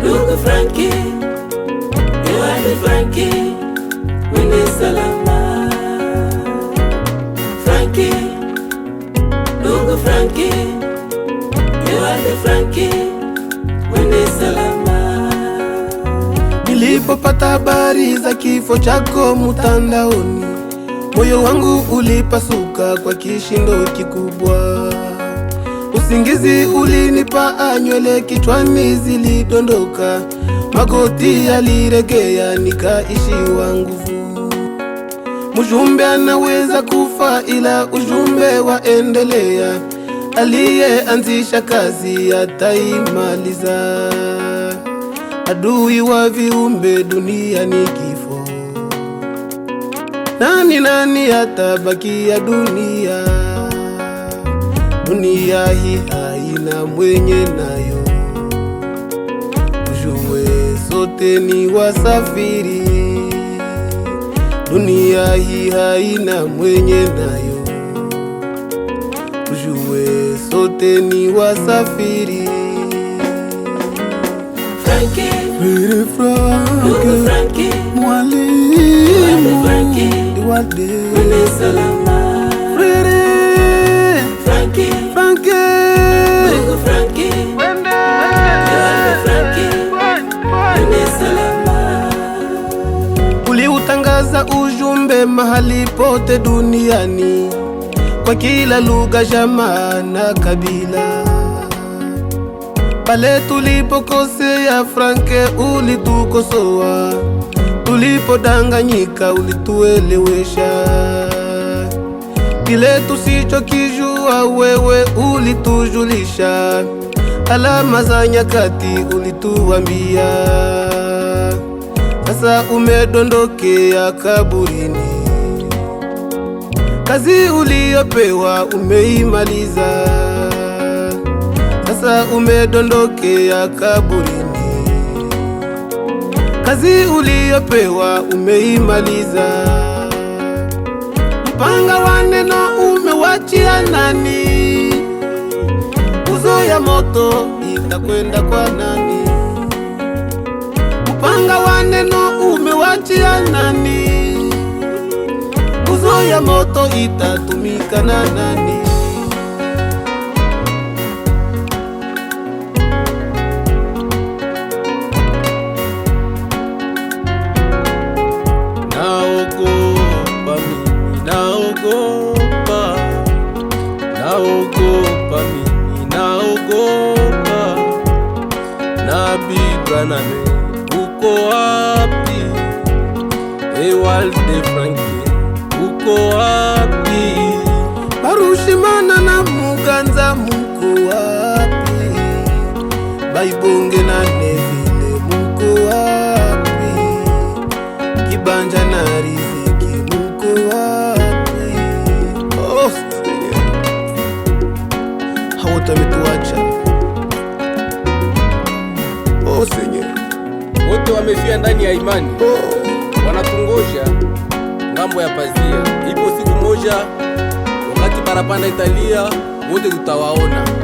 Ndugu Franki, Franki, salama. Franki, Ndugu Franki, Franki, salama. Nilipopata habari za kifo chako mutandaoni, moyo wangu ulipasuka kwa kishindo kikubwa. Usingizi ulinipaa, nywele kichwani zilidondoka, magoti yaliregea, nikaishiwa nguvu. Mjumbe anaweza kufa, ila ujumbe waendelea. Aliyeanzisha kazi ataimaliza. Adui wa viumbe dunia ni kifo. Nani nani atabakia dunia? dunia hii haina mwenye nayo, tujue sote ni wasafiri. Dunia hii haina mwenye nayo, tujue sote ni wasafiri. Frankie, Frankie, Frankie, Frankie, Mwalimu Frankie, Iwade, Mwalimu mahali pote duniani kwa kila lugha, jamaa na kabila. Pale tulipokosea Franke, ulitukosoa, tulipodanganyika, ulituelewesha. Kile tusichokijua, wewe ulitujulisha. Alama za nyakati ulituambia. Sasa umedondokea kaburini. Kazi uliyopewa umeimaliza, sasa umedondokea kaburini. Kazi uliyopewa umeimaliza, mpanga wa neno umewachia nani? Nguzo ya moto itakwenda kwa nani? Mpanga wa neno umewachia nani? ya moto itatumika na nani? Naogopa mimi, naogopa, naogopa mimi, naogopa, nabibana me uko wapi? Ewald Frank uko wapi? Barushimana na Muganza muko wapi? Baibonge na Nevile muko wapi? Kibanja na Riziki muko wapi? Oh, hawatametuacha oh, Senye wote wamefia ndani ya imani oh. Wanatungoja ngambo ya pazia. Ipo siku moja wakati barabara italia, wote tutawaona.